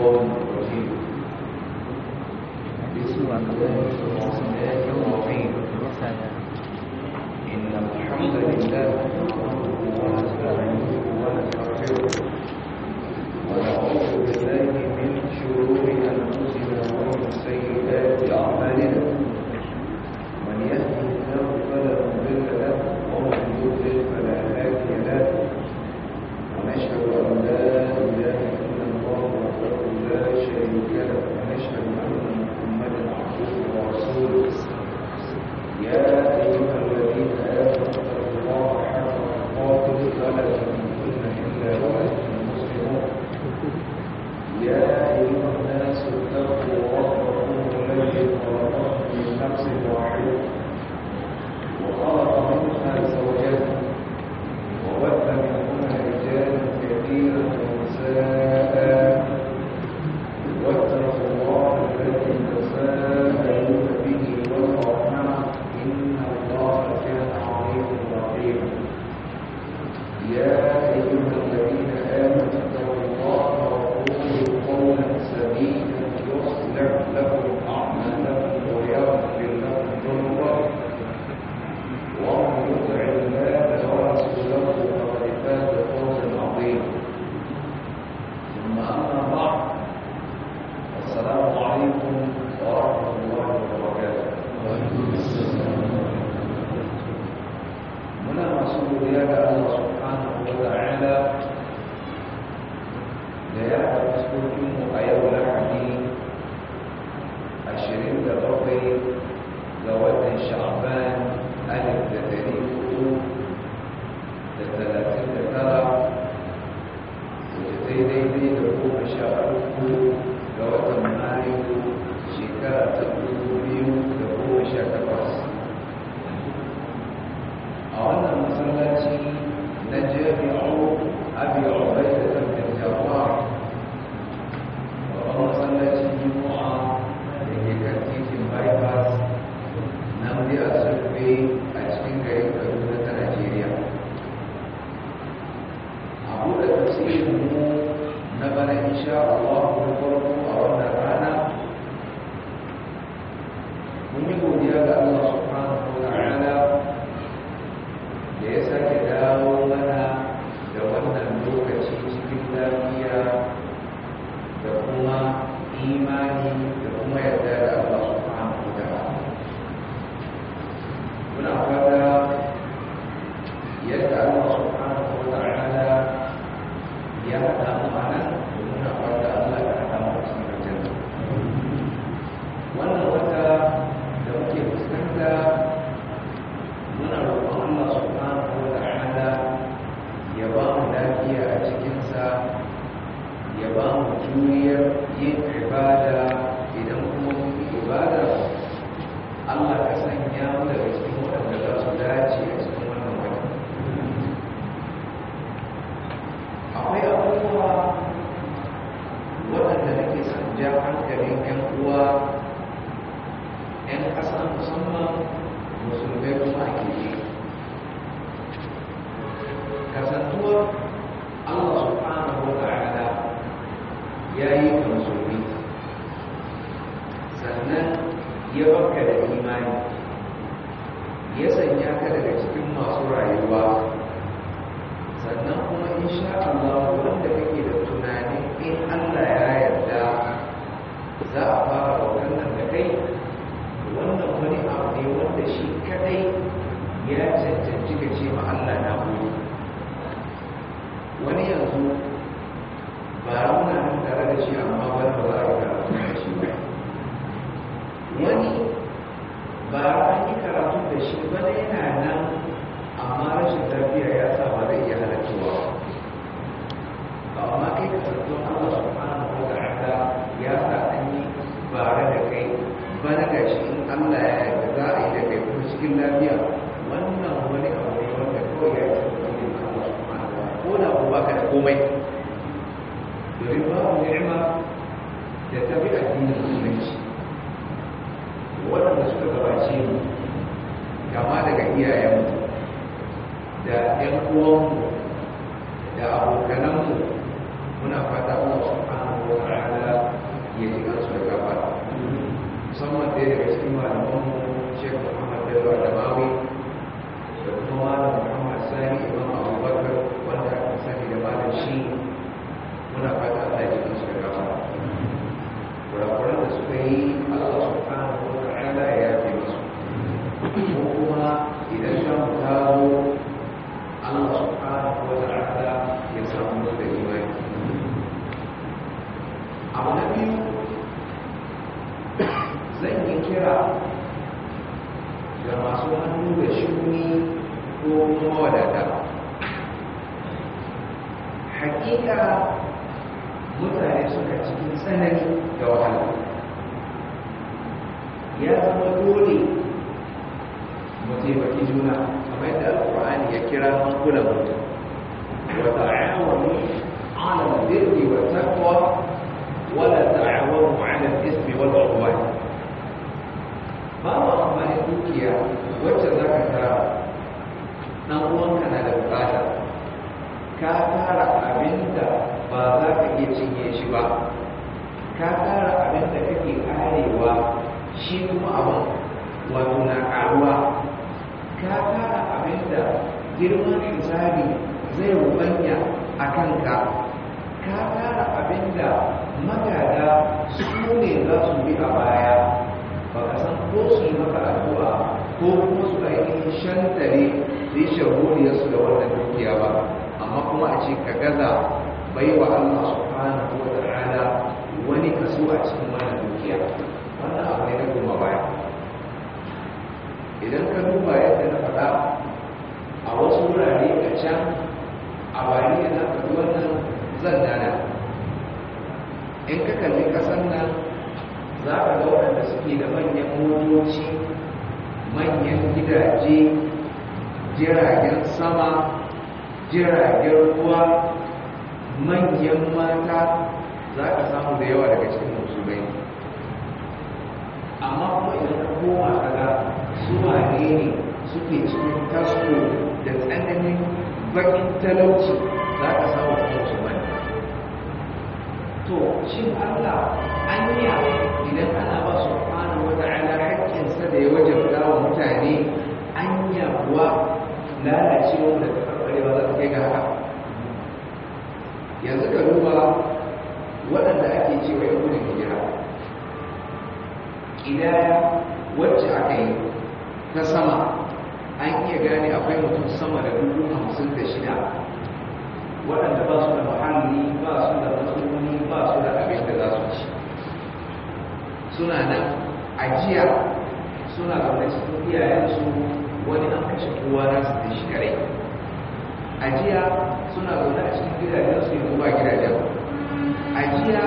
قوم رحيم إليك أن سبحانه وتعالى da ya faru cikin a yau lahadi 27 idan ka duba yadda na faɗa a wasu wurare a can a bayan yana faɗi wannan zan dana in ka kalli kasan nan za ka ga waɗanda suke da manyan motoci manyan gidaje jiragen sama jiragen ruwa manyan mata za ka samu da yawa daga cikin musulmai amma kuma idan ka koma ka ga zuwa ne suke cikin tasko da tsananin bakin talauci za ka samu talauci wani to shi allah anya idan ana ba su kwana wata ala hakkinsa da ya wajabta wa mutane anya kuwa lalacewa da karbarewa za ta kai ga yanzu ka duba waɗanda ake cewa yan gudun hijira ƙidaya wacce aka yi ta sama an iya gane akwai mutum sama da dubu hamsin da shida waɗanda ba su da muhalli ba su da musulmi ba su da abin da za su ci suna nan ajiya suna zaune cikin iyayensu wani an kashe kowa na su da shi kare ajiya suna zaune a cikin gidajensu yanzu ba gidajen ajiya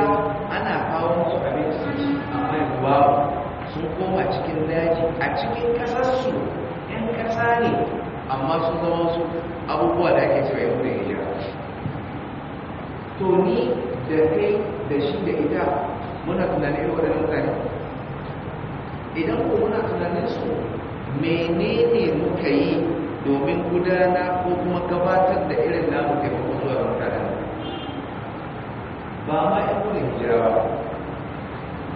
ana kawo musu abinci su ci amma yanzu babu sun koma cikin daji a cikin kasarsu yan kasa ne amma sun zama su abubuwa da ake cewa yau da ya to ni da kai da shi da ita muna tunanin mutane idan ko muna tunanin su menene muka yi domin gudana ko kuma gabatar da irin namu kuma zuwa mutane ba ma yan gudun hijira ba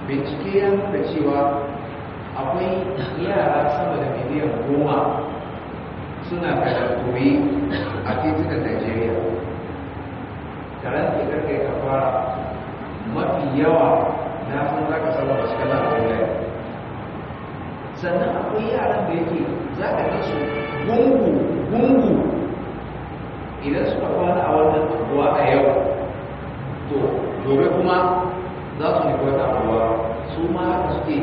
bincike ya nuna cewa akwai yara sama da miliyan goma suna karantoyi a titunan najeriya karanta karka ya fara mafi yawa na sun za ka saba masu a wuri sannan akwai yaran da yake za ka ga su gungu gungu idan suka kwana a wannan abuwa a yau to gobe kuma za su nufi wata abuwa su ma haka suke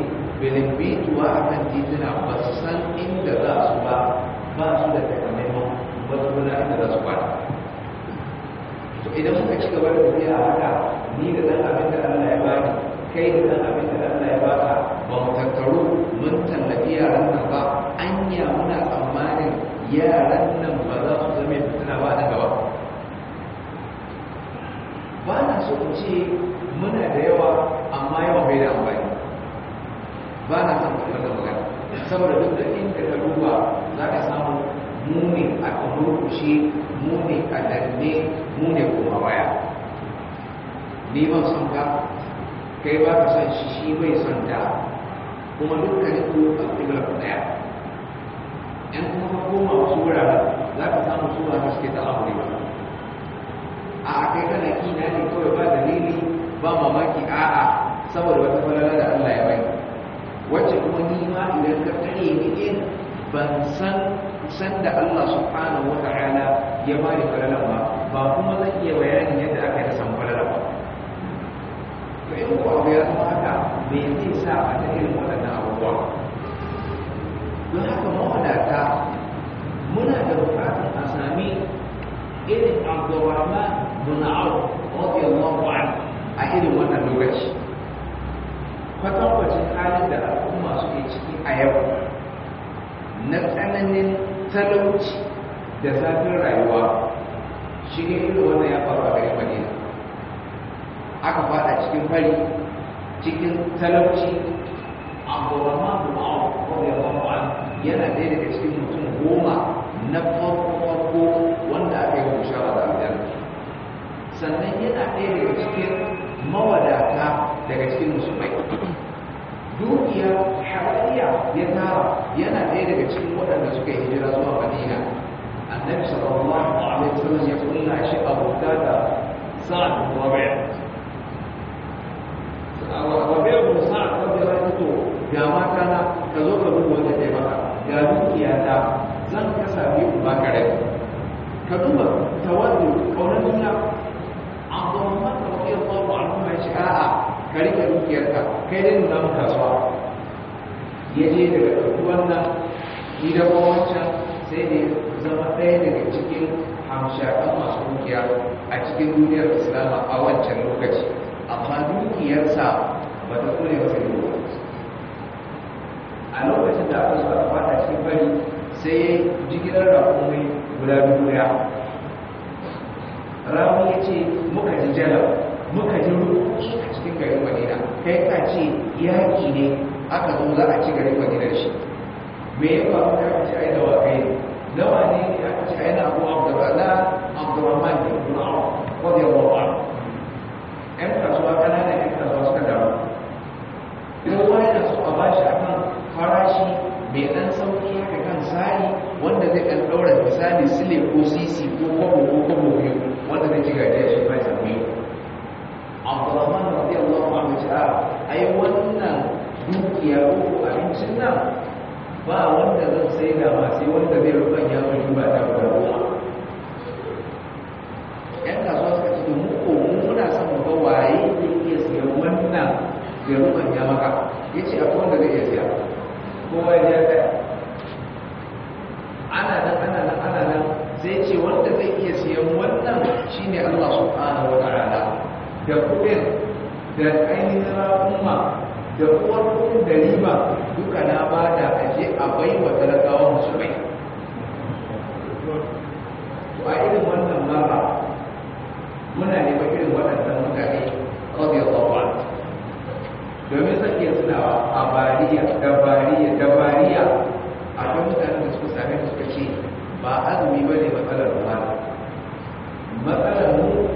bituwa a kan titina ba su san inda za su ba ba su da takamaiman gana inda za su kwana idan muka ci gaba da tafiya a haka ni da zan abin da allah ya bani kai da zan abin da allah ya baka ba mu tattaru mun tallafi yaran nan ba anya muna tsammanin yaran nan ba za su zama fitina ba a gaba ba na so ku ce muna da yawa amma yawa bai da amfani ba na san kuma da magana saboda duk da in ka duba za ka samu mu ne a murkushe mu ne a danne mu ne kuma baya ni ban san ka kai ba ka san shi shi bai san da kuma dukkanin ku a kibla ku daya in kuma ka koma wasu wuraren za ka samu su ba suke ta abu ne ba a kai kana kina ne kawai ba dalili ba mamaki a'a saboda wata falala da Allah ya bai wacce kuma ni ma idan ka tare ni in ban san san da Allah subhanahu wata'ala ya bani falala ba ba kuma zan iya bayani yadda aka yi san falala ba to in ko abu ya zama haka me yake sa a ta irin waɗannan abubuwa don haka mawadata muna da buƙatar a sami irin abdurrahman bin auf radiyallahu anhu irin wannan lokaci kwatankwacin halin da al'umma su ke ciki a yau na tsananin talauci da zafin rayuwa shi ne irin wannan ya faru a garin madina aka fada cikin fari cikin talauci abdurrahman bin awf radiyallahu anhu yana ɗaya daga cikin mutum goma na farko wanda aka yi bushara da aljanna sannan yana ɗaya daga cikin mawadata daga cikin musulmai Duniya hawaiya ya tara yana ɗaya daga cikin waɗanda suka yi hijira zuwa madina annabi sallallahu alaihi wasallam ya kula shi abota da sa'ad bin rabi' rabi' bin sa'ad rabi' ya fito ga mata na ka zo ka duba wanda kai maka ga dukiya ta zan kasa biyu ba kare ka duba tawaddu kaunar duniya a'a ka rike dukiyarka kai dai nuna kasuwa ya je daga ɗauki nan, gida ko wancan sai ne zama ɗaya daga cikin hamshakan masu dukiya a cikin duniyar islama a wancan lokaci amma dukiyarsa ba ta ba masa yi ba. a lokacin da aka zuwa a fata cikin bari sai ya jigilar rakumai guda duniya ramu ya ce muka ji jalaba muka ji rubutu a cikin garin madina kai ka ce yaƙi ne aka zo za a ci garin madina shi me ya faru da aka ci yi da wakai nawa ne aka ci ai na abu abdurrahman abdurrahman ne kuma awa wadda ya ba yan kasuwa da yan kasuwa suka damu idan wani na so ba bashi akan farashi mai ɗan sauƙi haka kan tsari wanda zai ɗan ɗaura misali sile ko sisi ko kwabo ko kwabo biyu wanda zai ci gajiya shi fasa ai wannan dukiya ko abincin nan ba wanda zan sai da ba sai wanda zai rufan ya mai ba da ruwa yan kasuwa suka ce mu ko muna son mu ga waye zai iya siyan wannan ya rufan ya maka yace akwai wanda zai iya siya kowa ya ja ta ana nan ana nan ana nan zai ce wanda zai iya siyan wannan shine Allah subhanahu wa ta'ala da kuɗin da ainihin umma da uwar kudin da nima duka na ba da aje a bai wa talakawa musulmai to a irin wannan mara muna ne irin waɗannan mutane kawai yawa domin sake suna a bariya da bariya da bariya a kan mutane da suka same suka ce ba azumi ba ne matsalar mara matsalar mu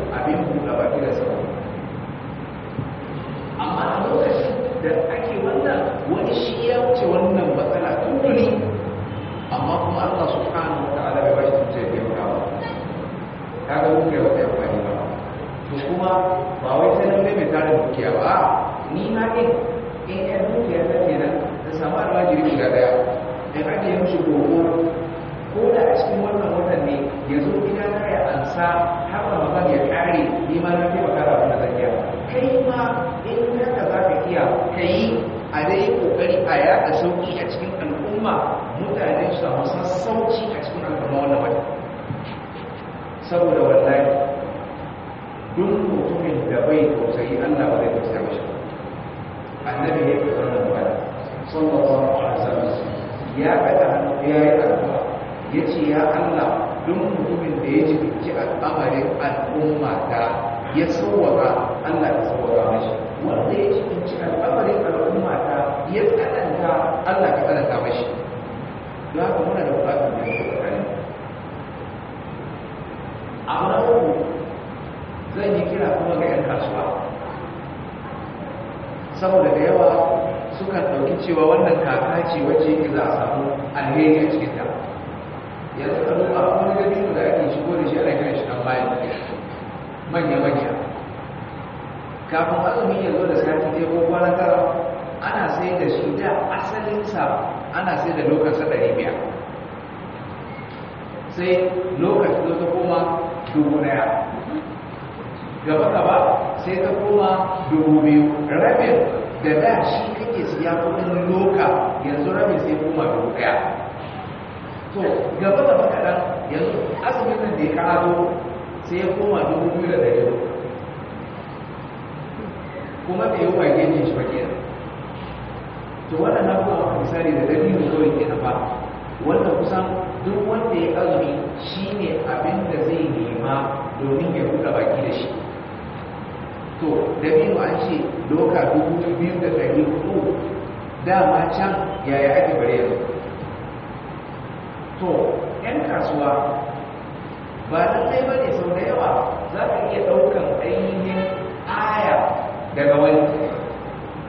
gaba gaba sai ta koma dubu biyu rabin da da shi kake siya kudin loka yanzu rabin sai koma dubu daya to gaba gaba kadan yanzu asibitin da ya kado sai ya koma dubu biyu da dari kuma da yau bage ne shi bage to wannan na kuma misali da dalilin da kawai ke nafa wannan kusan duk wanda ya azumi shine abin da zai nema domin ya buɗe baki da shi to da biyu an ce doka dubu biyu da ɗari hudu dama can yaya ake bari yanzu to 'yan kasuwa ba lallai ba ne sau da yawa za ka iya ɗaukan ainihin aya daga wani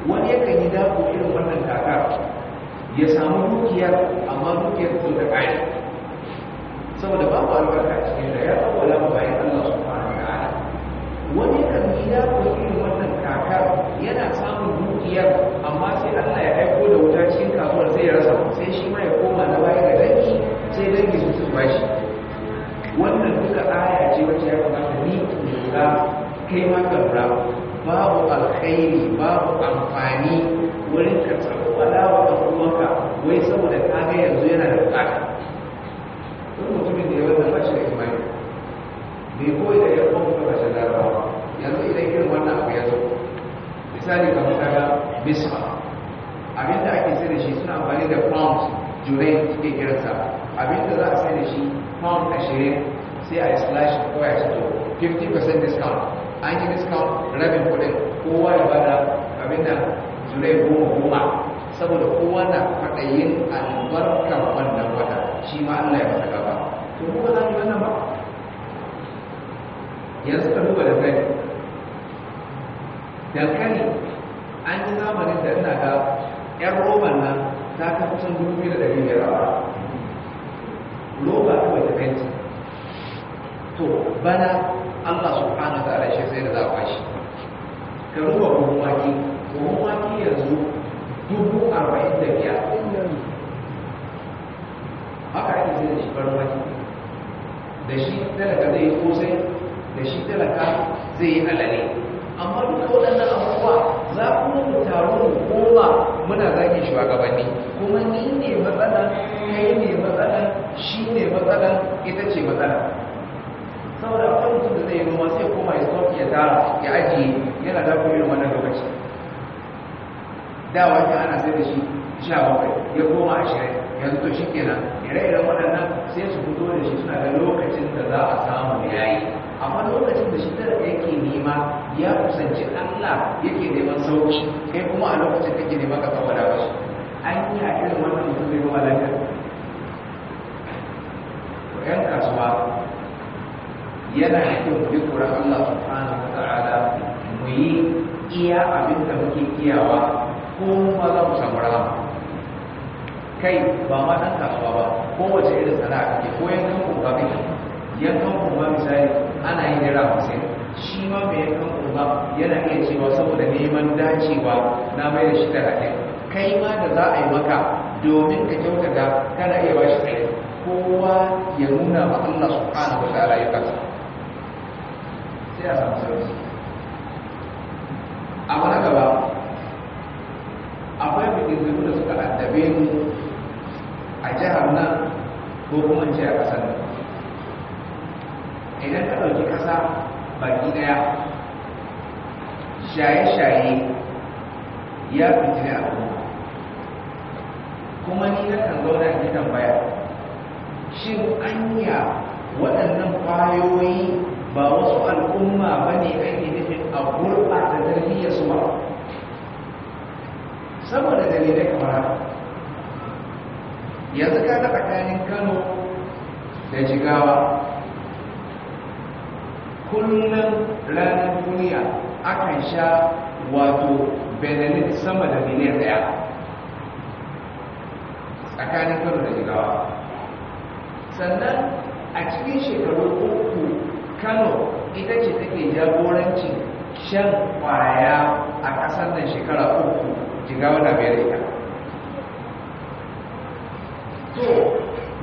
wani yakan yi dako irin wannan kaka ya samu dukiyar amma dukiyar su da ƙari saboda babu albarka cikin da ya ɗauka lamu bayan allah su wani kabila ko irin wannan kakar yana samun dukiyar amma sai Allah ya aiko da wuta cikin kasuwar sai ya rasa sai shi ma ya koma na bayan da dangi sai dangi su su bashi wannan duka aya ce wacce ya kamata ni lura kai ma ka lura babu alkhairi babu amfani wurin ka tsaro alawa da kuma ka wai saboda kaga yanzu yana da bukata duk mutumin da ya wannan bashi da imani bai koyi da yan uwan kuma ba shi rawa misali kamar mutane misma abinda ake sai da shi suna amfani da pound jurai suke kiransa abinda za a sai da shi pound ashirin sai a slash ko ya fito 50% discount an yi discount rabin kudin kowa ya da abinda jurai goma goma saboda kowa na kwaɗayin albarkar wannan wata shi ma Allah ya masa gaba to kuma za ki wannan ba yanzu ka duba da kai dankali an yi zamanin da ina ga yan roban nan ta ta kusan dubu biyu da ɗari biyar a roba kawai ta kanci to bana allah subhanahu wa ta'ala shi sai da za a kwashi ka ruba buhun wake buhun wake yanzu dubu arba'in da biyar haka ake sai da shi farin wake da shi talaka zai yi kosai da shi talaka zai yi alale amma duk waɗannan abubuwa za ku mu taru mu koma muna zage shugabanni kuma ni ne matsala kai ne matsala shi ne matsala ita ce matsala saboda akwai mutum da zai yi noma sai koma ya stop ya tara ya ajiye yana da kuma yin wannan lokaci da wani ana sai da shi sha bakwai ya koma a shirya, yanzu to shi kenan ire-iren waɗannan sai su fito da shi suna da lokacin da za a samu yayi amma lokacin da shi ya yake nema ya kusanci Allah yake neman sauki kai kuma a lokacin kake nema ka kafa da wasu an yi a irin wannan mutum bai ruwa lafiya yan kasuwa yana hakin mu kura Allah subhanahu wa ta'ala mu yi iya abin da muke kiyawa ko ma za mu samu ba. kai ba ma ɗan kasuwa ba kowace irin sana'a kake ko yankan kuka kake yankan kuma misali ana yin jira wasu shi ma mai yankan kuma yana iya cewa saboda neman dacewa na mai da shi kai ma da za a yi maka domin ka kyautata kana iya ba shi tsaye kowa ya nuna wa Allah subhanahu wa ya kasa sai a samu sarki a gaba akwai bikin da suka addabe mu a jihar nan ko kuma ce a ƙasar ɗauki ƙasa baki ɗaya shaye-shaye ya fiti abu kuma ni na kan zauna in tambaya shin anya waɗannan kwayoyi ba wasu al'umma ba ne ake nufin a da tarbiyyar su ba saboda dalilai kamar yanzu ka tsakanin kano da jigawa kullum ranar duniya akan sha wato benin sama da miliyan daya tsakanin kano da jigawa sannan a cikin shekaru uku kano ita ce take jagoranci shan kwaya a ƙasar nan shekara uku jigawa na biyar to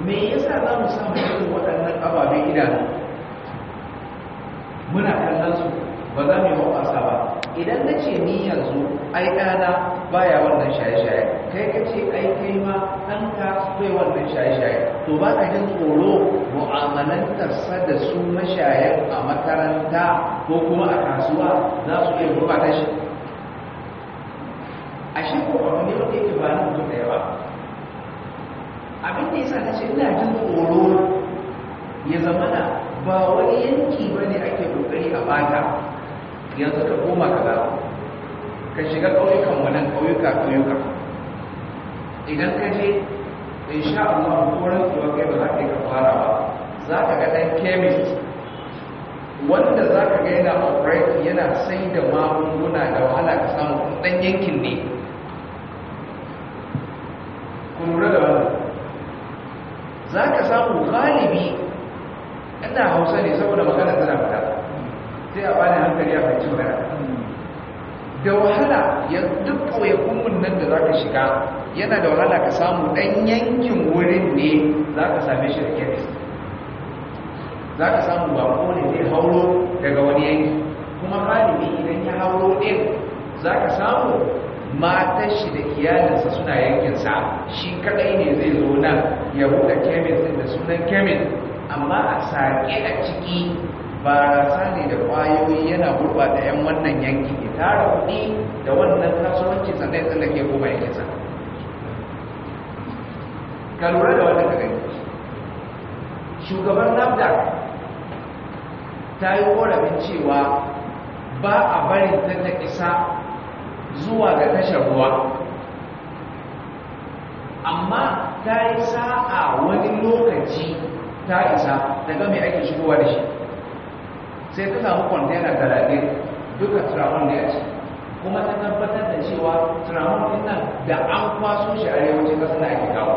me yasa za mu samu irin waɗannan ababen idanu muna kallon su ba za mu yi wasa ba idan na ce ni yanzu ai ɗana baya wannan shaye-shaye kai ka ce ai kai ma ka bai wannan shaye-shaye to ba ka jin tsoro mu'amalantarsa da su mashaya a makaranta ko kuma a kasuwa za su iya ta shi a shi ko ba ne wanda yake ba mutum da yawa abin da yasa na ce ina jin tsoro ya zama zamana ba wani yanki ba ne ake kokari a bata yanzu ka koma za ka shiga ƙauyukan wannan ƙauyuka ƙauyuka idan ka je in sha Allah koren zuwa kai ba za ka yi fara ba za ka ga ɗan kemis wanda za ka ga yana operate yana sai da magunguna da wahala ka samu ɗan yankin ne kun lura da wannan za ka samu galibi ina hausa ne saboda magana tana fita sai a bani hankali a fahimci magana da wahala ya duk ƙauyakunmun nan da za ka shiga yana da wahala ka samu ɗan yankin wurin ne za ka same shi da kemis za ka samu bako ne zai hauro daga wani yanki kuma ne idan ya hauro ɗin za ka samu matar shi da iyalinsa suna yankinsa shi kaɗai ne zai zo nan ya buɗe kemis din da sunan kemis amma a sake a ciki barasa ne da kwayoyi yana gurbata 'yan wannan yanki ya tara kuɗi da wannan kasuwanci sannan ya ke kuma ya kisa ka lura da wannan kagani shugaban nafda ta yi horabin cewa ba a barin ta ta isa zuwa ga tashar ruwa amma ta yi sa'a wani lokaci ta isa daga mai ake shigowa da shi sai ta samu kwantena talatin duka tramon da ya ce kuma ta tabbatar da cewa tramon din nan da an kwaso shi arewacin ƙasa na ake kawo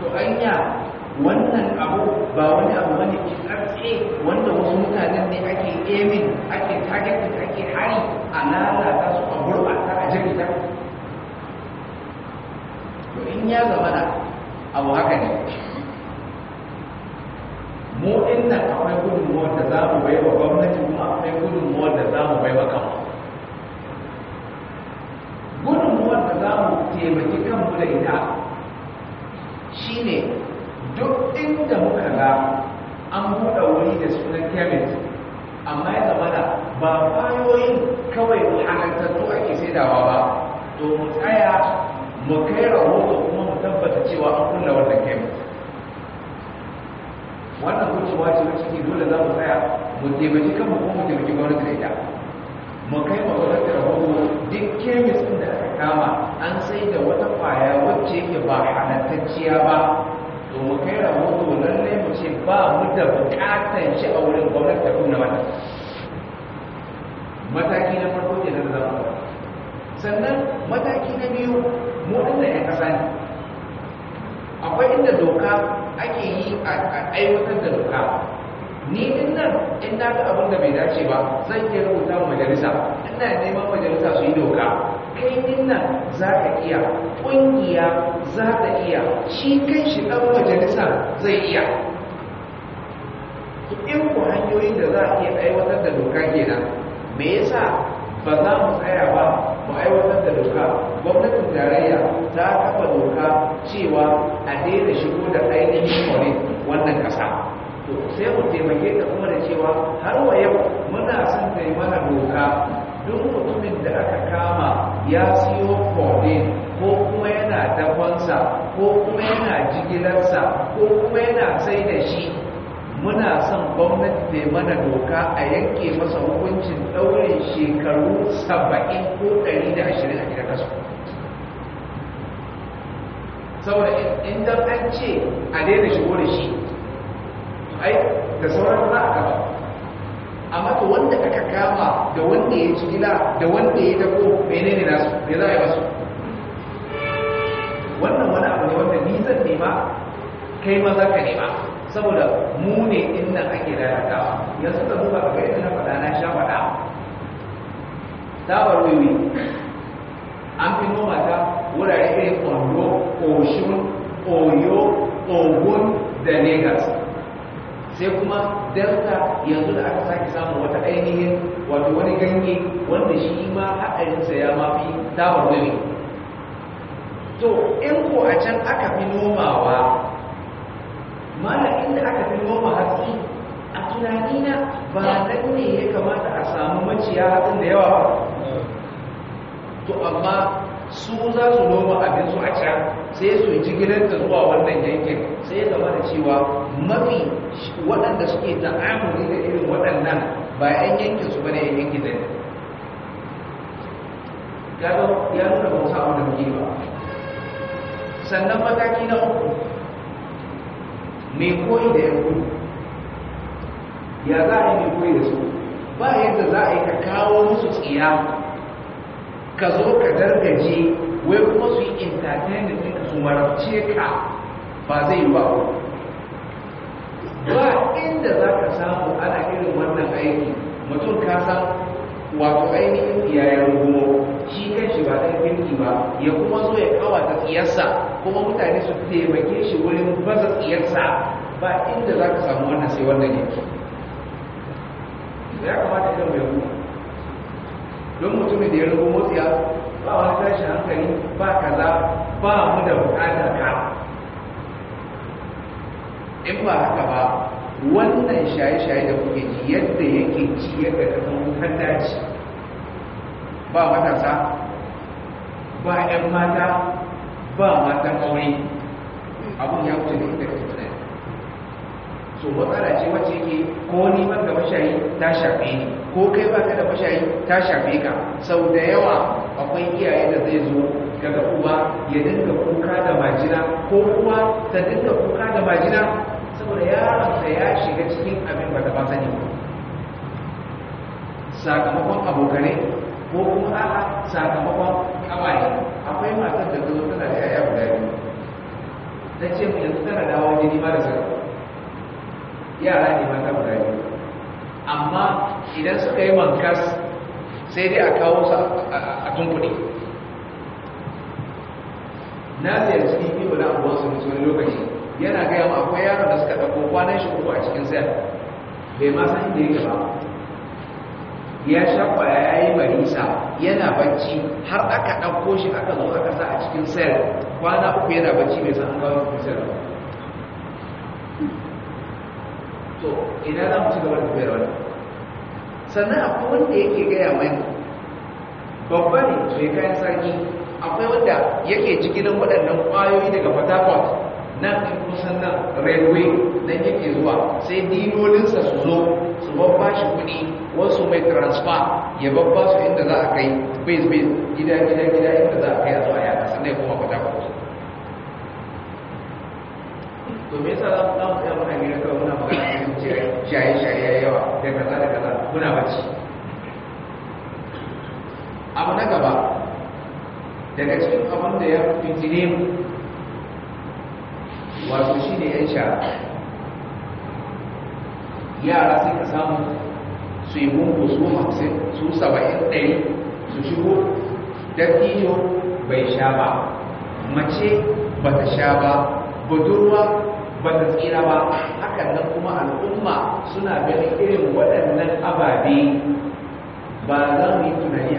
to anya wannan abu ba wani abu bane ke tsarce wanda wasu mutanen ne ake emin ake targeting ake hari a lalata su a gurɓata a ta to in ya zama na abu haka ne mu inda akwai gudunmuwar da za mu bai wa gwamnati kuma akwai gudunmuwar da za mu bai wa kanmu gudunmuwar da za mu taimaki kanmu da ita shi ne duk inda muka ga an buɗe wuri da sunan kemit amma ya zama da ba kwayoyin kawai halartattu ake saidawa ba to mu tsaya mu kai rahoto kuma tabbata cewa an kulla wannan game wannan wucewa ce wacce ke dole za mu tsaya mu taimaki kanmu ko mu taimaki gwamnati da mu kai ma da rahoto duk kemis da aka kama an sai da wata kwaya wacce yake ba halattacciya ba to mu kai rahoto lallai mu ce ba mu da buƙatan shi a wurin gwamnati ta kunna mata mataki na farko ke da zama sannan mataki na biyu mu ɗin ya ne akwai inda doka ake yi a aiwatar da doka ni inda nan in na ga abin da bai dace ba zan iya rubuta wa majalisa ina neman majalisa su yi doka kai din nan za ka iya ƙungiya za ta iya shi kai shi ɗan majalisa zai iya in ku hanyoyin da za a iya aiwatar da doka kenan me yasa ba za mu tsaya ba mu aiwatar da doka gwamnatin tarayya ta kafa doka cewa a daina shigo da ainihin kwarin wannan ƙasa to sai mu taimake ta kuma da cewa har wa yau muna son ta yi mana doka duk mutumin da aka kama ya siyo kwarin ko kuma yana dafansa ko kuma yana jigilarsa ko kuma yana sai da shi muna son gwamnati da mana doka a yanke masa hukuncin ɗaurin shekaru 70 ko 120 a gidan kasu saboda inda an ce a daina shigo da shi ai da sauran ba a gaba amma da wanda aka kama da wanda ya ci gila da wanda ya dako menene nasu da za a yi masu wannan wani abu ne wanda nisan nema kai maza ka nema saboda mu ne inda ake lalatawa yanzu ka duba ka gaida na faɗa na sha fada tabar wiwi an fi noma ta wurare irin ondo oshun oyo ogun da lagos sai kuma delta yanzu da aka sake samu wata ainihin wato wani ganye wanda shi ma haɗarinsa ya mafi tabar wiwi to in ko a can aka fi nomawa malamin da aka fi noma haske, a tunanina ba nan ne ya kamata a samu maciya hatsin da yawa ba to amma su za su noma abin su a can sai su ji gidanta zuwa wannan yankin sai ya zama da cewa mafi waɗanda suke ta'amuli da irin waɗannan ba 'yan yankin su bane 'yan yankin da ya nuna bauta wanda muke ba sannan mataki na uku mai koyi da ya kudu ya za a yi mai koyi da su ba yadda za a yi ka kawo musu tsiya ka zo ka dargaji wai kuma su yi da ɗin su marabce ka ba zai ba ku. ba inda za ka samu ana irin wannan aiki mutum ka san wato ainihin iyayen gumo shi kan shi ba ɗan kirki ba ya kuma zo ya kawata tsiyarsa kuma mutane su taimake shi wurin baza tsiyarsa ba inda za ka samu wannan sai wannan yanki ya kamata idan mai don mutumin da ya rubo motsiya ba wani tashi hankali ba kaza ba mu da bukatar ka in ba haka ba wannan shaye-shaye da kuke ji yadda yake ci yadda ka kan dace ba matasa ba 'yan mata ba matan aure Abin ya wuce da inda ka tsaye so matsala ce wacce ke, ko ni ban ga mashayi ta shafe ni ko kai ba ka da mashayi ta shafe ka sau da yawa akwai iyaye da zai zo daga uwa ya dinga kuka da majina ko kuwa ta dinga kuka da majina saboda yaron da ya shiga cikin abin ba da ba sani ba. sakamakon abokanai ko kuma a'a sakamakon kawai akwai matan da zo tana da yaya guda biyu ta ce mu yanzu tana dawo jini ba da sarki yara ne mata guda biyu amma idan suka yi mankas sai dai a kawo su a tunkuɗe na ziyarci ibi wani abuwan su musu lokaci yana gaya ma akwai yaro da suka ɗauko kwanan shi uku a cikin sayar bai ma san inda yake ba ya shafa ya yi barisa yana bacci har aka ɗauko shi aka zo aka sa a cikin sel kwana uku yana bacci mai san kawo cikin sel to idan za mu ci gaba da koyar sannan akwai wanda yake gaya mai babba ne mai kayan sarki akwai wanda yake gidan waɗannan ƙwayoyi daga fatakot nan ɗin kusan nan railway nan yake zuwa sai dinolinsa su zo su babba shi kuɗi wasu mai transfer ya babba su inda za a kai base base gida gida gida inda za a kai a zuwa yana sannan kuma kwata-kwata. kusa to me za mu za mu tsaya muna gida kawai muna magana a cikin cewa shaye shaye yawa da kaza da kaza daga cikin da ya shi ne samu su yi muku su hamsin su saba'in ɗari su shigo dattijo bai sha ba mace ba ta sha ba budurwa ba ta tsira ba hakan nan kuma al'umma suna ganin irin waɗannan ababe ba za yi tunani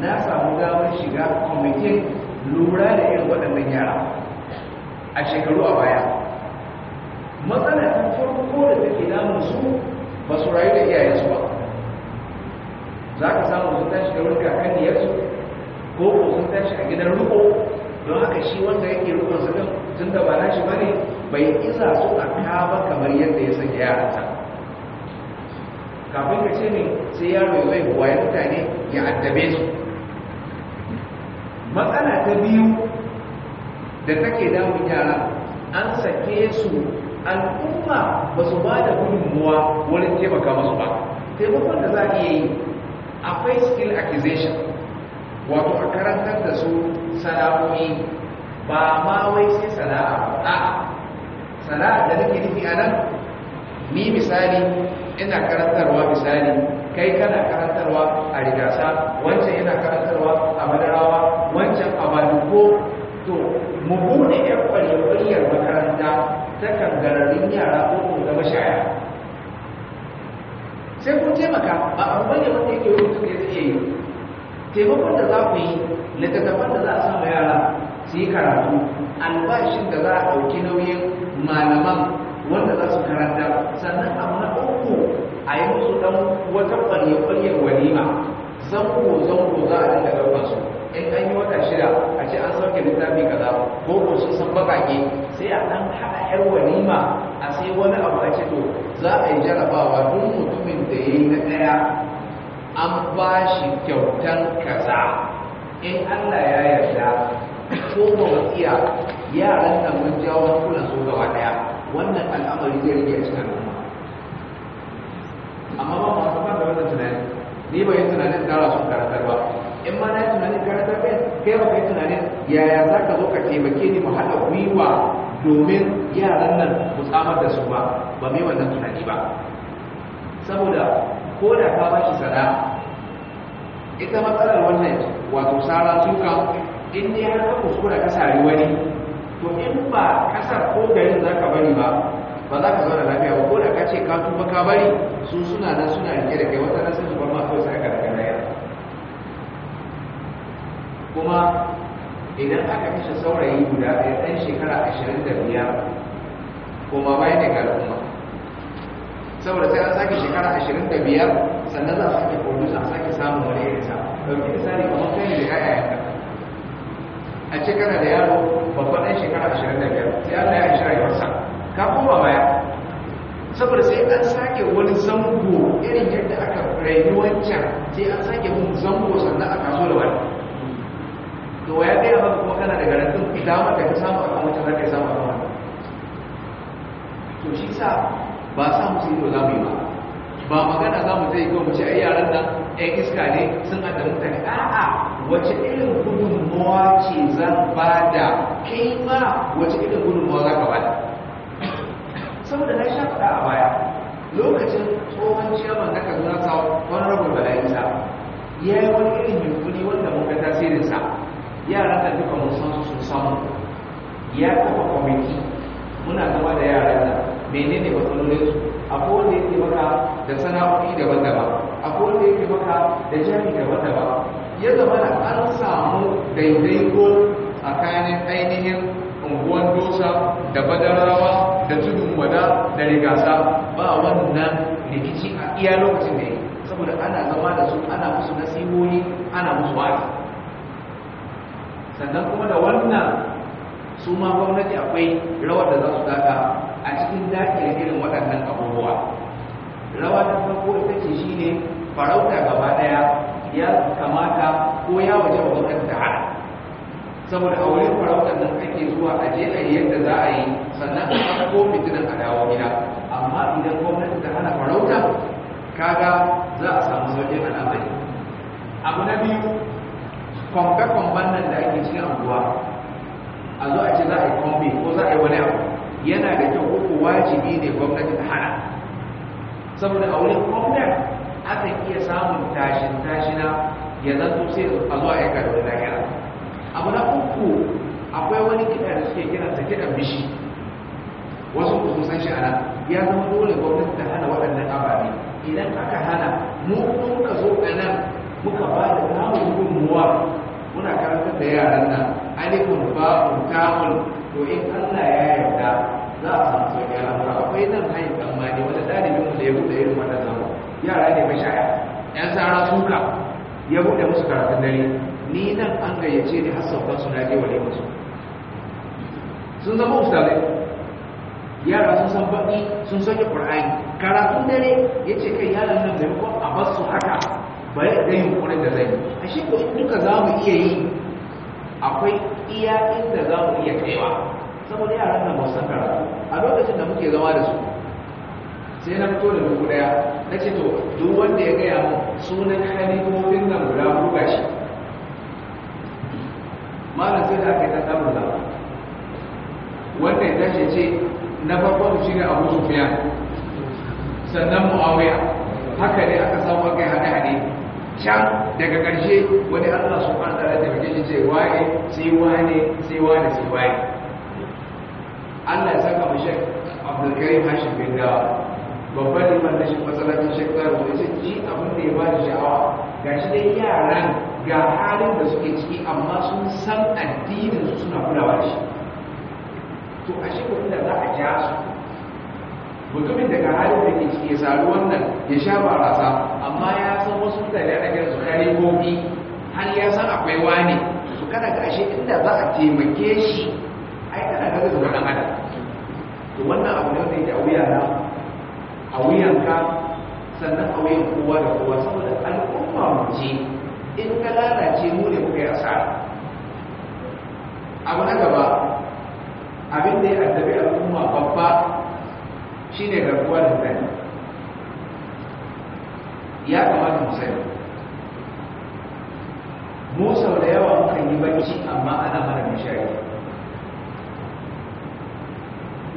na samu damar shiga kwamitin lura da yin waɗannan yara a shekaru a baya matsala ta farko da take damun su ba su rayu da su ba za ka samu sun tashi da wurin kakanniyarsu ko ko sun tashi a gidan riko don haka shi wanda yake rukun su tun da ba nashi ba ne bai isa su a kaba kamar yadda ya sanya yaransa kafin ka ce ne sai yaro ya zai ya mutane ya addabe su matsala ta biyu da take damun yara an sake su al'umma ba su ba da gudunmuwa wurin taimaka masu ba taimakon da za a iya yi akwai skill accusation wato a karantar da su sana'o'i ba ma wai sai sana'a a sana'a da nake nufi a nan ni misali ina karantarwa misali kai kana karantarwa a rigasa wancan yana karantarwa to mu bude yan kwaliyar makaranta ta kangararin yara ko da mashaya. sai kun taimaka ba a bane wanda yake wani mutum ne zai yi taimakon da za ku yi littattafan da za a samu yara su yi karatu albashin da za a ɗauki nauyin malaman wanda za su karanta sannan a na uku a yi musu ɗan wata kwaliyar walima zango zango za a dinga ɗaukar su in an yi wata shida a ce an sauke littafi kaza ko ko sun san bakake sai a dan haɗa yar walima a sai wani abu a ce to za a yi jarabawa duk mutumin da ya yi na ɗaya an ba shi kyautar kaza in allah ya yarda ko ba mu iya yaran nan mun jawo kula su gaba ɗaya wannan al'amari zai rage a cikin al'umma amma ba masu ba da wannan tunanin ni ba yin tunanin tara su karatar ba in ma na tunanin karatar kai kai ba kai tunanin yaya za ka zo ka taimake ni mu haɗa gwiwa domin yaran nan mu tsamar da su ba ba mai wannan tunani ba saboda ko da ka ba shi ita matsalar wannan wato sara tuka in dai har ka kuskura ka sari wani to in ba kasar ko garin za ka bari ba ba za ka zauna lafiya ba ko da ka ce ka tuba ka bari su suna nan suna rike da kai wata nan sun ma kawai sai ka kuma idan aka kashe saurayi guda ɗaya ɗan shekara ashirin da biyar kuma bai da al'umma saboda sai an sake shekara ashirin da biyar sannan za a sake produce a sake samun wani irin sa ɗauki misali kamar kai ne da yayan a ce kana da yaro babban ɗan shekara ashirin da biyar sai Allah ya shirya yawansa ka koma baya saboda sai an sake wani zango irin yadda aka raini wancan sai an sake mun zango sannan a kaso da wani to ya gaya maka kuma kana da garantin damar da ka samu akan wacce da ka samu akan to shi sa ba sa mu sai za mu yi ba ba magana za mu zai kawai ce ai yaran nan ɗan iska ne sun adda mutane a'a wace irin gudunmawa ce zan ba da kai ma wace irin gudunmawa za ka ba da saboda na sha faɗa a baya lokacin tsohon ciyaman na kaduna south wani rabin bala'isa ya yi wani irin yunkuri wanda muka ga tasirinsa yara da duka musamman san su samu ya kafa kwamiti muna zama da yara da menene matsalolin su akwai wanda yake maka da sana'o'i daban-daban akwai wanda yake maka da jami daban-daban ya zama da an samu daidaiko tsakanin ainihin unguwan dosa da badarawa da tudun wada da rigasa ba wannan rikici a iya lokacin da yi saboda ana zama da su ana musu nasihohi ana musu wata sannan kuma da wannan su ma gwamnati akwai rawar da za su daga a cikin daƙin irin waɗannan abubuwa rawa ta farko ita ce shine farauta gaba ɗaya ya kamata ko ya waje wa gwamnati ta hana saboda a wurin farautar nan ake zuwa a je a yi yadda za a yi sannan a ko fitinan a dawo gida amma idan gwamnati ta hana farauta kaga za a samu sauƙin al'amari abu na biyu kwamfe-kwamfen nan da ake cikin abuwa a zo a ce za a yi kwamfe ko za a yi wani abu yana da kyau uku wajibi ne gwamnati ta hana saboda a wurin kwamfe aka iya samun tashin tashina ya zanto sai a zo a yi karbi lahira abu na uku akwai wani kiɗa da suke kira ta kiɗan bishi wasu kusur san shi ana ya zama dole gwamnati ta hana waɗannan ababe idan aka hana mu kuma muka zo a nan muka ba da namun gudunmuwa muna karantar da yaran nan alifun ba'un ta'un to in Allah ya yarda za a samu sauƙi al'amura akwai nan hayin ne wani ɗalibin mu da ya buɗe irin wannan zama yara ne shaya ƴan tsara suka ya buɗe musu karatun dare ni nan an gayyace ni har sauƙan su na je wa musu sun zama ustazai yara sun san baɗi sun sanya ƙur'ani karatun dare ya ce kai yaran nan kuma a basu haka bari da yin kurin da zai a shi ko duka za mu iya yi akwai iya inda za mu iya kaiwa saboda yaran nan musan karatu a lokacin da muke zama da su sai na fito da dubu daya na ce to duk wanda ya gaya mu sunan halifofin nan guda buga shi malam sai da aka yi ta samun zama wanda ya tashi ce na farko shi ne abu sufiya sannan mu'awiya haka ne aka samu kai haɗe hade-hade can daga ƙarshe wani allah su ba da da shi, ce waye sai wane sai wane sai waye allah ya saka mashi abdulkarim hashim bin dawa babban liman na shi matsalacin shekaru ya ce ji abin da ya ba da sha'awa ga shi dai yaran ga halin da suke ciki amma sun san addinin su suna kulawa shi to a shi kuma za a ja su mutumin daga halin da ke ciki ya saru wannan ya sha barasa amma ya wasu da ya rage su kare gobi har ya san akwai wani su kada ga shi inda za a taimake shi ai kana ga zama dan hada to wannan abu ne da wuya na a wuyan ka sannan a wuyan kowa da kowa saboda al'umma mu ce in ka lalace mu ne kuka yi asara abu na gaba abin da ya addabi al'umma babba shine garkuwa da mutane ya kamata mu sani mu sau da yawa mukan yi bacci amma ana mana nishari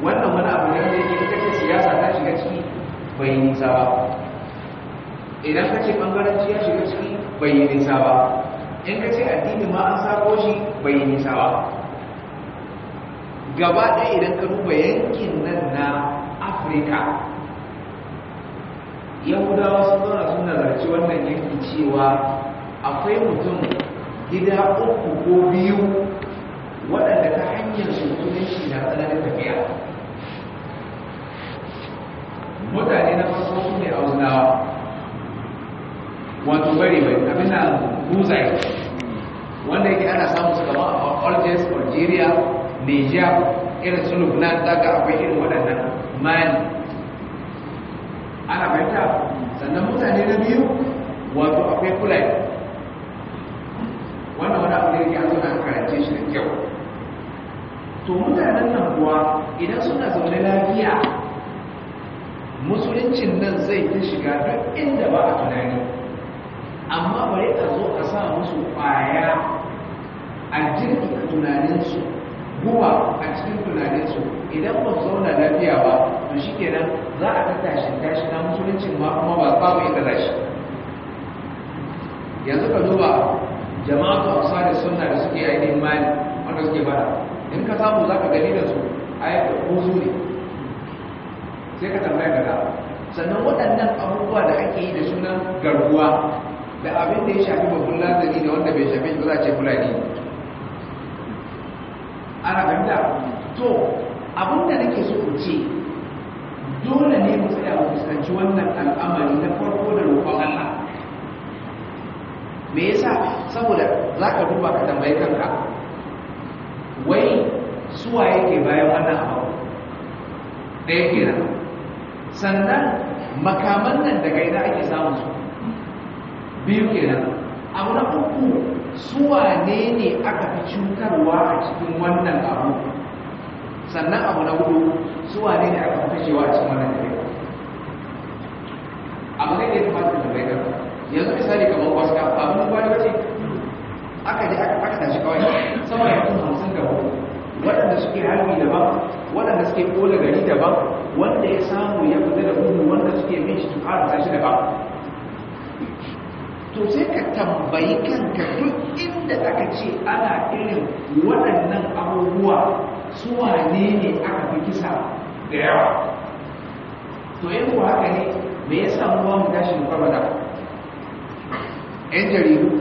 wannan wani abu ne da yake kace ce siyasa ta shiga ciki bai yi nisa ba idan ka ce bangaranci ya shiga ciki bai yi nisa ba in ka ce addini ma an sako shi bai yi nisa ba gaba ɗaya idan ka duba yankin nan na afirka yahudawa sun zauna sun nazarci wannan yanki cewa akwai mutum gida uku ko biyu waɗanda ta hanyar sukunin shi na tsananin tafiya mutane na farko su ne wuzinawa wato bari bai tafi na guzai wanda yake ana samun su kama a algeria niger irin su lubnan daga akwai irin waɗannan mali ana fahimta sannan mutane na biyu wato akwai kulai wannan wani abu ne da ya zo na karance shi da kyau to mutanen nan kuwa idan suna zaune lafiya musuluncin nan zai ta shiga duk inda ba a tunani amma bari a zo a sa musu kwaya a jirgin tunaninsu zuwa a cikin tunaninsu idan ba zauna lafiya ba to shi kenan za a ta tashi tashi na musuluncin ma kuma ba babu yadda za shi yanzu ka duba jama'atu amsa da sunna da suke ainihin mali wanda suke bara in ka samu za ka gani da su a da ko ne sai ka tambaya daga sannan waɗannan abubuwa da ake yi da sunan garkuwa da abin da ya shafi babban lazari da wanda bai shafi ba za a ce fulani ana fahimta to abinda nake so ku ce dole ne mu tsaya mu fuskanci wannan al'amari na farko da roƙon Allah me yasa saboda za ka duba ka tambayi kanka wai suwa yake bayan wannan abu da yake nan sannan makaman nan daga ina ake samun su biyu kenan abu na uku suwa ne ne aka fi cutarwa a cikin wannan abu sannan abu na hudu suwa ne ne aka fi cewa a cikin wannan A abu ne da ya kamata da bai gaba yanzu misali kamar wasu abu ne gwani wace aka ji aka fakta shi kawai sama ya kuma hamsin da hudu waɗanda suke harbi daban waɗanda suke kola gari daban wanda ya samu ya fita da hudu wanda suke bin shi su shi da daban to sai ka tambayi kanka duk inda aka ce ana irin waɗannan abubuwa su wane ne aka fi kisa da yawa to yin kuwa haka ne me ya samu ruwan tashin kwamada yan jaridu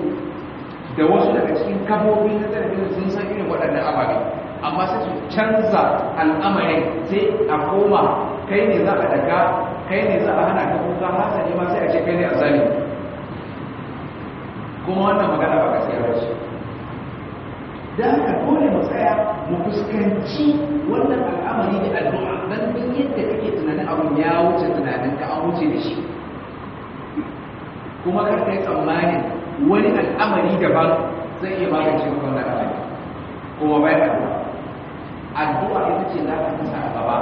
da wasu daga cikin kafofi na zarafin sun san irin waɗannan ababe amma sai su canza al'amarin sai a koma kai ne za a daga kai ne za a hana ka kuka ne ma sai a ce kai ne a zalimi kuma wannan magana ba gaskiya ba ce da haka dole mu tsaya mu fuskanci wannan al'amari da addu'a dan duk yadda kake tunanin abu ya wuce tunanin ka an wuce da shi kuma kar kai tsammanin wani al'amari daban zai iya magance maka wannan al'amari kuma bai addu'a addu'a ita ce za ka sa a gaba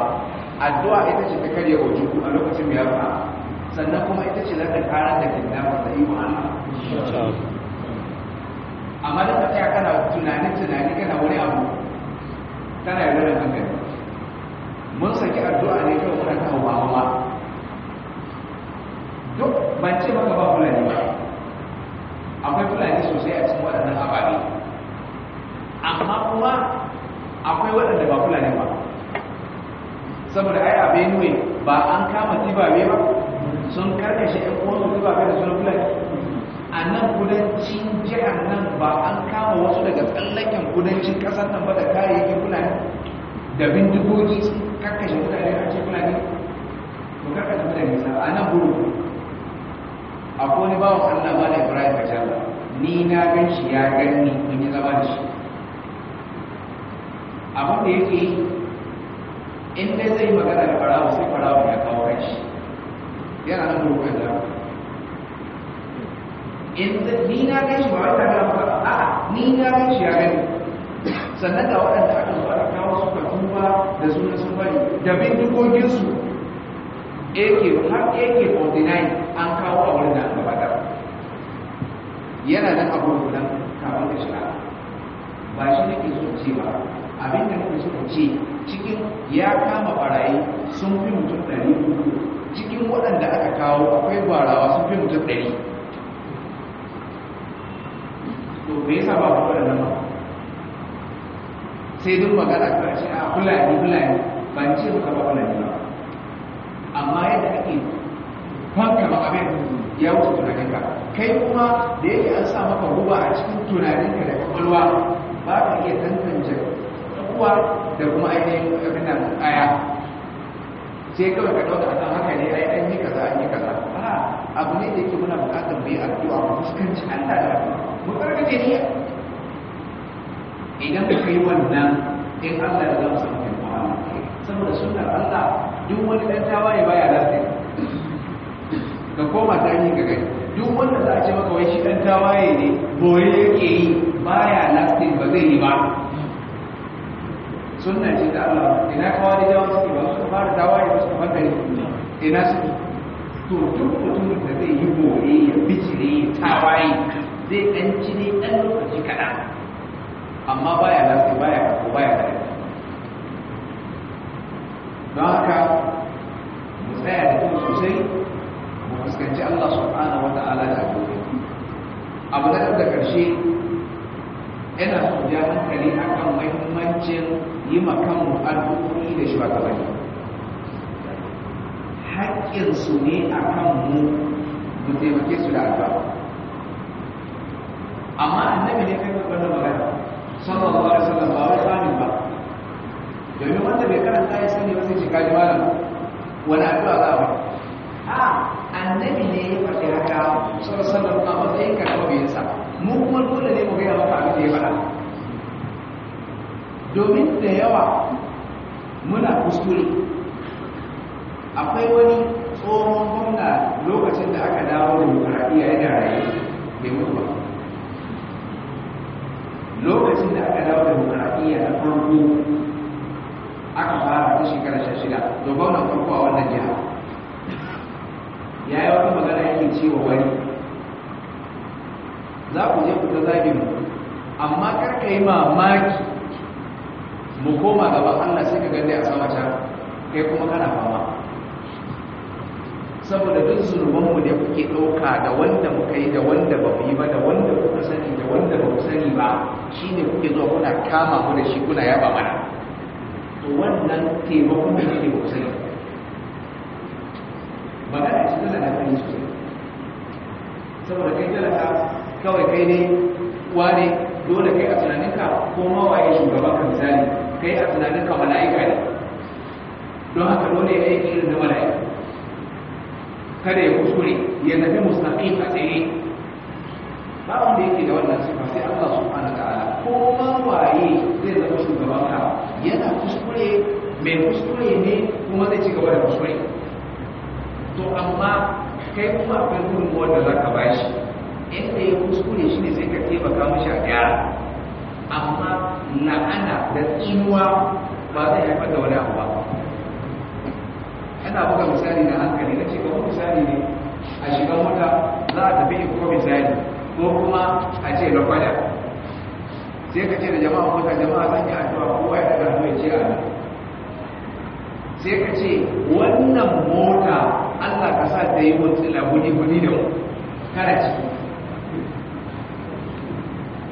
addu'a ita ce ta karya wajibu a lokacin da ya sannan kuma ita ce zaka kara da gina kidnapper da yi Allah amma da tsaya kana tunanin tunani kana wani abu kana yi wani hankali mun saki addu'a ne kawai muna kawo ba ba duk ban ce maka ba fulani ba akwai fulani sosai a cikin waɗannan ababe amma kuma akwai waɗanda ba fulani ba saboda ai abin ne ba an kama tibabe ba sun shi yan uwansu su ba kada suna fulani a nan kudancin jihar nan ba an kama wasu daga tsallaken kudancin kasar nan ba da kayayyakin fulani da bindigogi sun karkashe mutane a cikin fulani ko karkashe mutane sa a nan gudu kone ba wa allah ba da ibrahim kacala ni na gan shi ya gan ni mun yi zama da shi abin da yake in dai zai magana da farawa sai farawa ya kawo kan shi yana nan gurbin da in ni na gani ba wata ba a ni na gani shi ya gani sannan da waɗanda aka zo aka kawo su ka duba da sunan sun da bin har ak 49 an kawo a wurin da yana nan gudan da shiga ba shi so ce ba abinda da ce cikin ya kama barayi sun fi mutum ɗari uku cikin waɗanda aka kawo akwai barawa sun fi mutum ɗari to me yasa ba ku waɗannan ba sai duk magana ta ce a fulani fulani ba ni ce maka ba fulani ba amma yadda ake fanka ba abin ya wuce tunanin ka kai kuma da yake an sa maka guba a cikin tunanin ka da kwakwalwa ba ka iya tantance kuwa da kuma ainihin abin nan aya sai kawai ka ɗauka akan haka ne ai an yi kaza an yi kaza a abu ne da yake muna buƙatar mu yi addu'a mu fuskanci Allah da mu karkace ne. idan ka yi wannan in Allah ya zama samu kai mu'amala saboda sunan Allah duk wani ɗan tawaye baya lafiya ka koma ta yi ka gani duk wanda za a ce maka wai shi ɗan tawaye ne boye yake yi baya lafiya ba zai yi ba sunna ce da Allah ina kawai da jawo suke ba suka fara tawaye ba suka bangare ina suke to duk mutumin da zai yi bore ya bijire ya tawaye zai ɗan ci ne ɗan lokaci kaɗan amma baya yi makanmu addu'o'i da shugabanni haƙƙinsu ne a kanmu mu taimake su da addu'a amma annabi ne kai babbar magana sallallahu alaihi wasallam ba wai sanin ba domin wanda bai karanta ya sani ba sai shi kaji malam wani addu'a za a a annabi ne ya faɗi haka sallallahu alaihi wasallam a matsayin karɓar sa mu kuma dole ne mu gaya maka abin da ya faɗa domin da yawa muna kuskure akwai wani tsohon gwamna lokacin da aka dawo demokaraɗiyya yana raye bai mutu ba lokacin da aka dawo da demokaraɗiyya na farko aka fara ta shekara sha shida da gwamnan farko a wannan jiha ya yi wata magana yake cewa wani za ku je ku ta zagin amma karka yi mamaki mu koma gaban Allah sai ka gande a sama can kai kuma kana fama saboda duk mu da kuke ɗauka da wanda muka yi da wanda ba mu yi ba da wanda kuka sani da wanda ba ku sani ba shine kuke zuwa kuna kama mu da shi kuna yaba mana to wannan taimakon da ne ku sani ba da shi da lalata ne sosai saboda kai talaka kawai kai ne wane dole kai a tunaninka ko mawaye shugaban ka misali kai a tunanin ka mala'ika ne don haka dole ya aiki irin na mala'ika kada ya kusure ya tafi mustaqim a tsaye ba wanda yake da wannan sifa sai Allah subhanahu ta'ala ko ma waye zai zama shugaban ka yana kusure mai kusure ne kuma zai ci gaba da kusure. to amma kai kuma akwai gudunmuwar da za ka bashi inda ya kusure shi ne sai ka taimaka mashi a gyara amma la'ana da tsinuwa ba zai haifar da wani abu ba ana buga misali na hankali na shiga misali ne a shiga mota za a tafi iko misali ko kuma a ce na kwada sai ka ce da jama'a mota jama'a zan yi addu'a ko ya daga hannu ya ce a sai ka ce wannan mota allah ka sa ta yi wata labuni kudi da kara ciki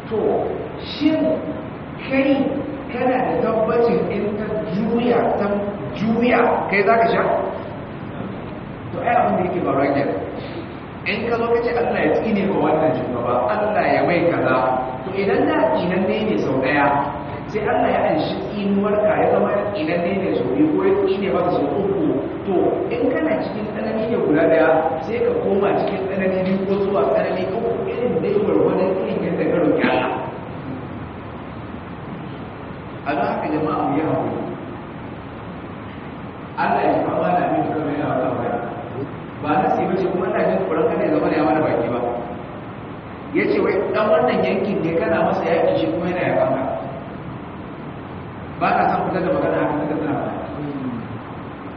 to shi. kai kana da tabbacin in ka juya ta juya kai za ka sha to ai abin da yake ba rage in ka zo ka ce allah ya tsine ba wannan ba allah ya mai kaza to idan na tsinan ne ne sau daya sai allah ya anshi tsinuwar ka ya zama tsinan ne ne sau biyu ko ya tsine maka sau uku to in kana cikin tsanani ne guda daya sai ka koma cikin tsanani biyu ko zuwa tsanani uku irin dai wani irin yadda ka roƙi allah a don haka jama'a mu yi haƙuri Allah ya fa mana abin da kuma yana wata waya ba na sai bace kuma ina jin kuran kana ya zama ya mana baki ba ya ce wai dan wannan yankin ne kana masa yaƙi shi kuma yana yaƙa ka ba na san fitar da magana haka daga tana ba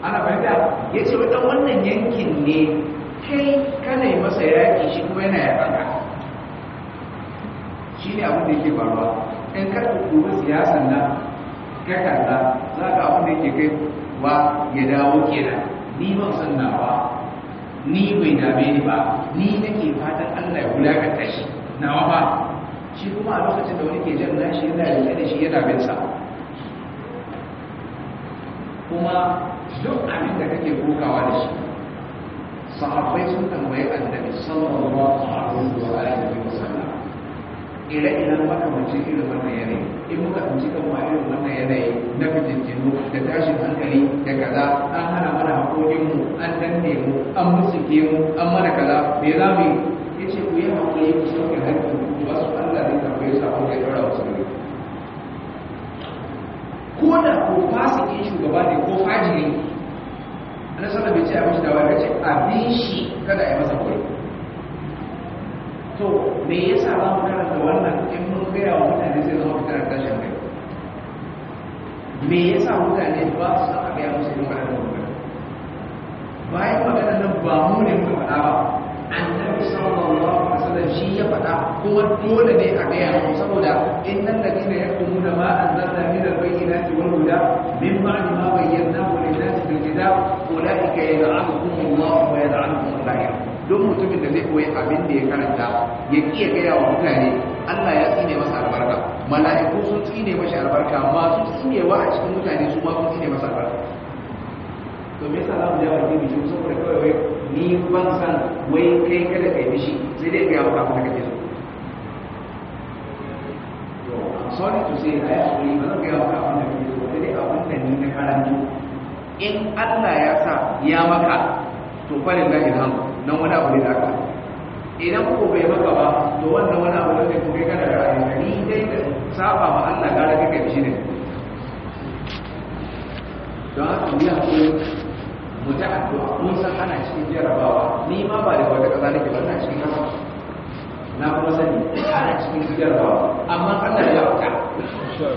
ana fahimta ya ce wai dan wannan yankin ne kai kana yi masa yaƙi shi kuma yana yaƙa ka shi ne abin da yake faruwa in ka dubi siyasan nan ka kalla za ka abin da yake kai wa ya dawo da, ni ban san nawa ni bai dame ni ba ni nake fatan Allah ya wulakanta shi nawa ba shi kuma a lokacin da wani ke jan nashi yana rike da shi yana bin sa kuma duk abin da kake kokawa da shi sahabbai sun tambayi annabi sallallahu alaihi wa sallam ire-iren makamancin irin wannan yanayi in muka tsinci kan ma irin wannan yanayi na fitintinu da tashin hankali da kaza an hana mana haƙoƙinmu an danne mu an musuke mu an mana kaza me za mu yi ya ce ku yi haƙoƙi ku sauke haƙƙin ku ba su Allah zai tambaye su abin da ya ɗora musu ne ko da ko fasikin shugaba ne ko fajiri na sanar bai ce a mishi da wani ce abin shi kada a yi masa kuɗi to me yasa ba mu karanta wannan in mun gaya wa mutane sai zama fitar da shan kai me yasa mutane ba su a gaya musu yin wannan magana bayan magana nan ba mu ne muka faɗa ba annabi sallallahu alaihi wasallam shi ya faɗa kuma dole ne a gaya mu saboda innal ladina yaktumuna ma anzalna min al-bayyinati wal huda min ba'd ma bayyana? bayyanahu lin-nasi fil kitab ulaika yal'anuhum Allah wa yal'anuhum al-la'in don mutumin da zai koyi abin da ya karanta ya iya gaya wa mutane Allah ya tsine masa albarka mala'iku sun tsine masa albarka masu tsinewa a cikin mutane su ma sun tsine masa albarka to me yasa Allah ya ne bishi saboda kawai wai ni ban san wai kai kada kai bishi sai dai ga wa kafin da kake so to I'm sorry to say that we ba ga wa kafin da kake so sai dai abin da ni na karanto in Allah ya sa ya maka to fa lillahi alhamdu na wani abu ne da aka idan ko bai maka ba to wannan wani abu ne ko kai kana da ra'ayi ni dai da saba ma Allah gara kake shi ne don haka mu ya hakuri mu ta addu'a mun san ana cikin jarabawa ni ma ba da wata kaza nake ba ina cikin haka na kuma sani ana cikin jarabawa amma Allah ya fita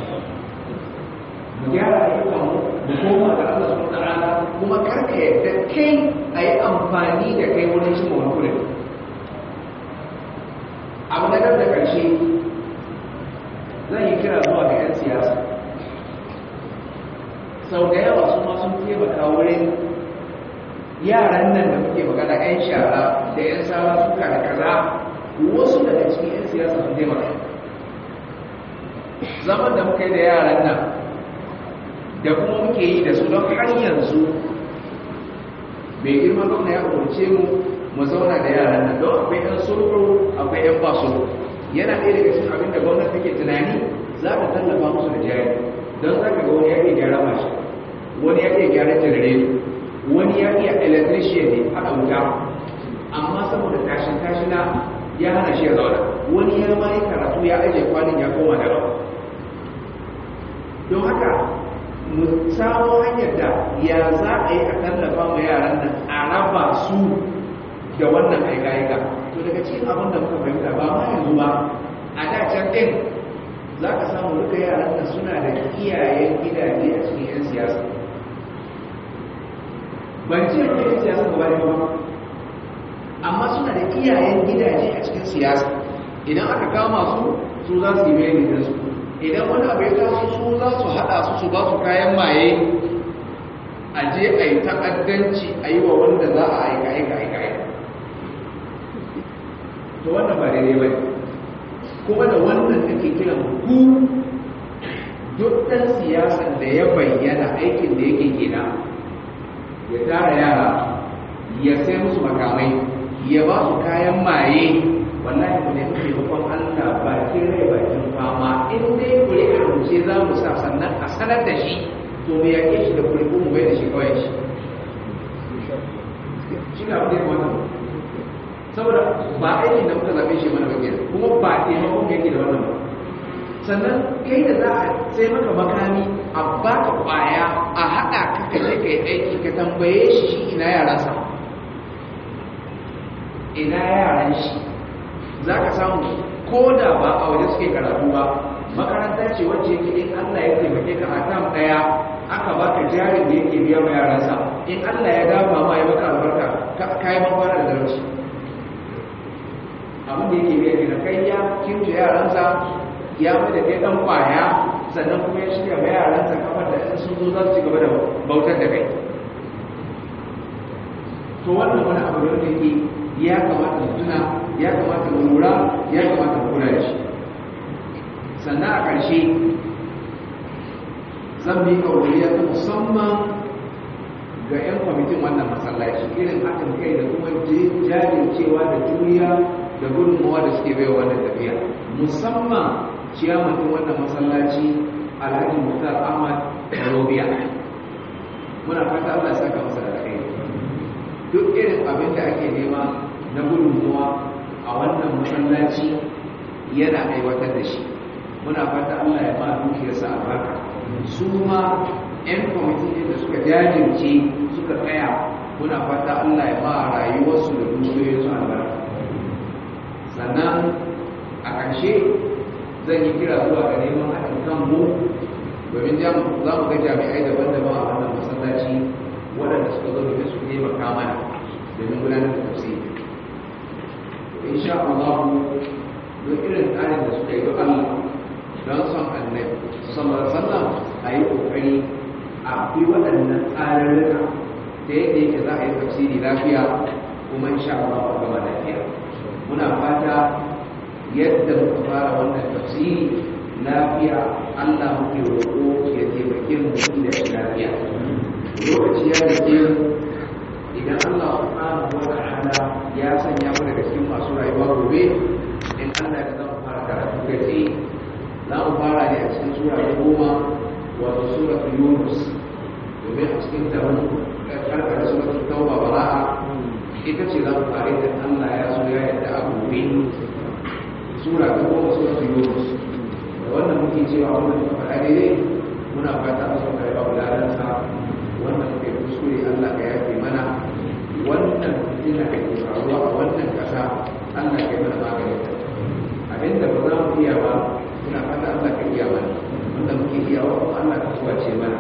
mu gyara ayyukan da koma ga Allah subhanahu ta'ala kuma karka yadda kai a yi amfani da kai wurin cin wani gurin abu na da ƙarshe. zan yi kira zuwa ga 'yan siyasa sau da yawa su ma sun taimaka wurin yaran nan da muke magana 'yan shara da 'yan sawa suka da kaza wasu daga cikin 'yan siyasa sun taimaka zaman da muka yi da yaran nan da kuma muke yi da su don har yanzu mai girma gwamna ya umarce mu mu zauna da yaran nan don akwai yan sulhu akwai yan basu yana ɗaya daga cikin abin da gwamnati take tunani za ta tallafa musu da jari don za ka ga wani ya iya gyara mashi wani ya iya gyara janareto wani ya iya electrician ne a ɗauka amma saboda tashin tashina ya hana shi ya zauna wani ya ma yi karatu ya ajiye kwanin ya koma da don haka mu samo hanyar da ya za a yi a tallafa ga yaran nan a raba su da wannan aika-aika to daga cikin abin da muka fahimta ba ma yanzu ba a da can din za ka samu duka yaran nan suna da iyayen gidaje a cikin 'yan siyasa ban ce ne 'yan siyasa ba da ba amma suna da iyayen gidaje a cikin siyasa idan aka kama su su za su yi mai da su idan wani abu ya taso su za su haɗa su su ba su kayan maye a je a yi ta'addanci a yi wa wanda za a aika aika aika aika to wannan ba daidai ba kuma da wannan da ke kiran ku duk ɗan siyasan da ya bayyana aikin da yake gina ya tara yara ya sai musu makamai ya ba su kayan maye wallahi ku kuke taimakon Allah ke rai ke fama in dai ku yi rubuce za mu sa sannan a sanar da shi to me yake shi da kuri'u mu bai da shi kawai shi shi na abin da wannan saboda ba aiki da muka zaɓe shi mana bakin kuma ba taimakon yake da wannan ba sannan kai da za a sai maka makami a baka kwaya a haɗa ka kaje ka yi aiki ka tambaye shi ina yaransa ina yaran shi za ka samu ko da ba a waje suke karatu ba makarantar ce wacce yake in allah ya taimake ka a tam ɗaya aka baka jarin da yake biya ma yaransa in allah ya dafa ma ya maka albarka ka yi mafara da zarci abin da yake biya gina kai ya kinta yaransa ya fi da kai ɗan kwaya sannan kuma ya shirya ma yaransa kamar da sun zo za ci gaba da bautar da kai to wannan wani abu da yake ya kamata mu tuna ya kamata mu lura ya kamata mu kula da shi sannan a ƙarshe zan bi kauriya ta musamman ga 'yan kwamitin wannan masallaci irin hakan kai da kuma jajircewa da juriya da gudunmawa da suke baiwa wannan tafiya musamman ciyamatin wannan masallaci alhaji mutar ahmad robiya muna fata allah saka masa da kai duk irin abin da ake nema na gudunmawa a wannan masallaci yana aiwatar da shi muna fata Allah ya ba dukiyarsa albarka su ma 'yan kwamitin da suka jajirce suka tsaya muna fata Allah ya ba rayuwarsu da dukiyoyinsu albarka sannan a ƙarshe zan yi kira zuwa ga neman haɗin kanmu domin za mu ga jami'ai daban-daban a wannan masallaci waɗanda suka zo domin su taimaka kama domin gudanar da tafsiri in sha Allah duk irin tsarin da suka yi wa Allah don son annabi sama sallam a yi ƙoƙari a bi waɗannan tsararruka da yadda yake za a yi tafsiri lafiya kuma in sha Allah gaba lafiya muna fata yadda muka fara wannan tafsiri lafiya Allah muke roƙo ya taimake mu da lafiya lokaci ya rike idan Allah subhanahu wa ta'ala ya sanya mu daga cikin masu rayuwa gobe in Allah ya zama fara karatu ga ce za mu fara ne a cikin sura ta goma wato sura ta Yunus domin a cikin ta wani karkar da sura ta tauba bara'a ita ce za mu fara idan Allah ya so ya yadda a gobe sura ta goma sura ta Yunus da wannan muke cewa wannan ta faɗa daidai muna fata a sauka ya ba wannan muke kuskure Allah ya yafe wannan fitina da ke a wannan kasa Allah kai mana maganin ta abinda ba za mu iya ba muna fata Allah ka iya mana wanda muke iya wa Allah ka kowace mana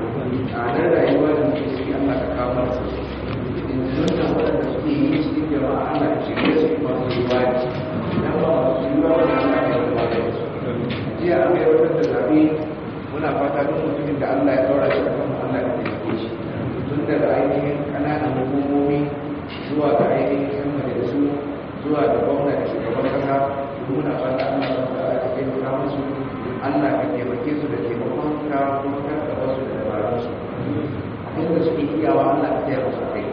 tsadar rayuwa da muke ciki Allah ka kawo mana su yanzu wannan waɗanda suke yi cikin jama'a Allah ka shirya su kuma su yiwa ne idan ba su yiwa wani yi su jiya an bai da zaɓe muna fata duk mutumin da Allah ya ɗaura shi a kan Allah ka taimake shi tun daga ainihin zuwa ga ainihin sama da su zuwa da gwamna da shugaban kasa muna fata da ta ta'ala ka taimaka musu Allah ka taimake su da taimakon ka kuma ka karɓa su da dabarun su da suke iyawa Allah ka taya musu kai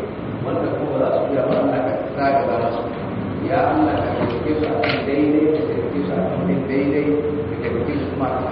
wanda kuma za su iya ba Allah ka sa ba su ya Allah ka taimake su a kan daidai da taimake su a kan daidai da taimake su kuma a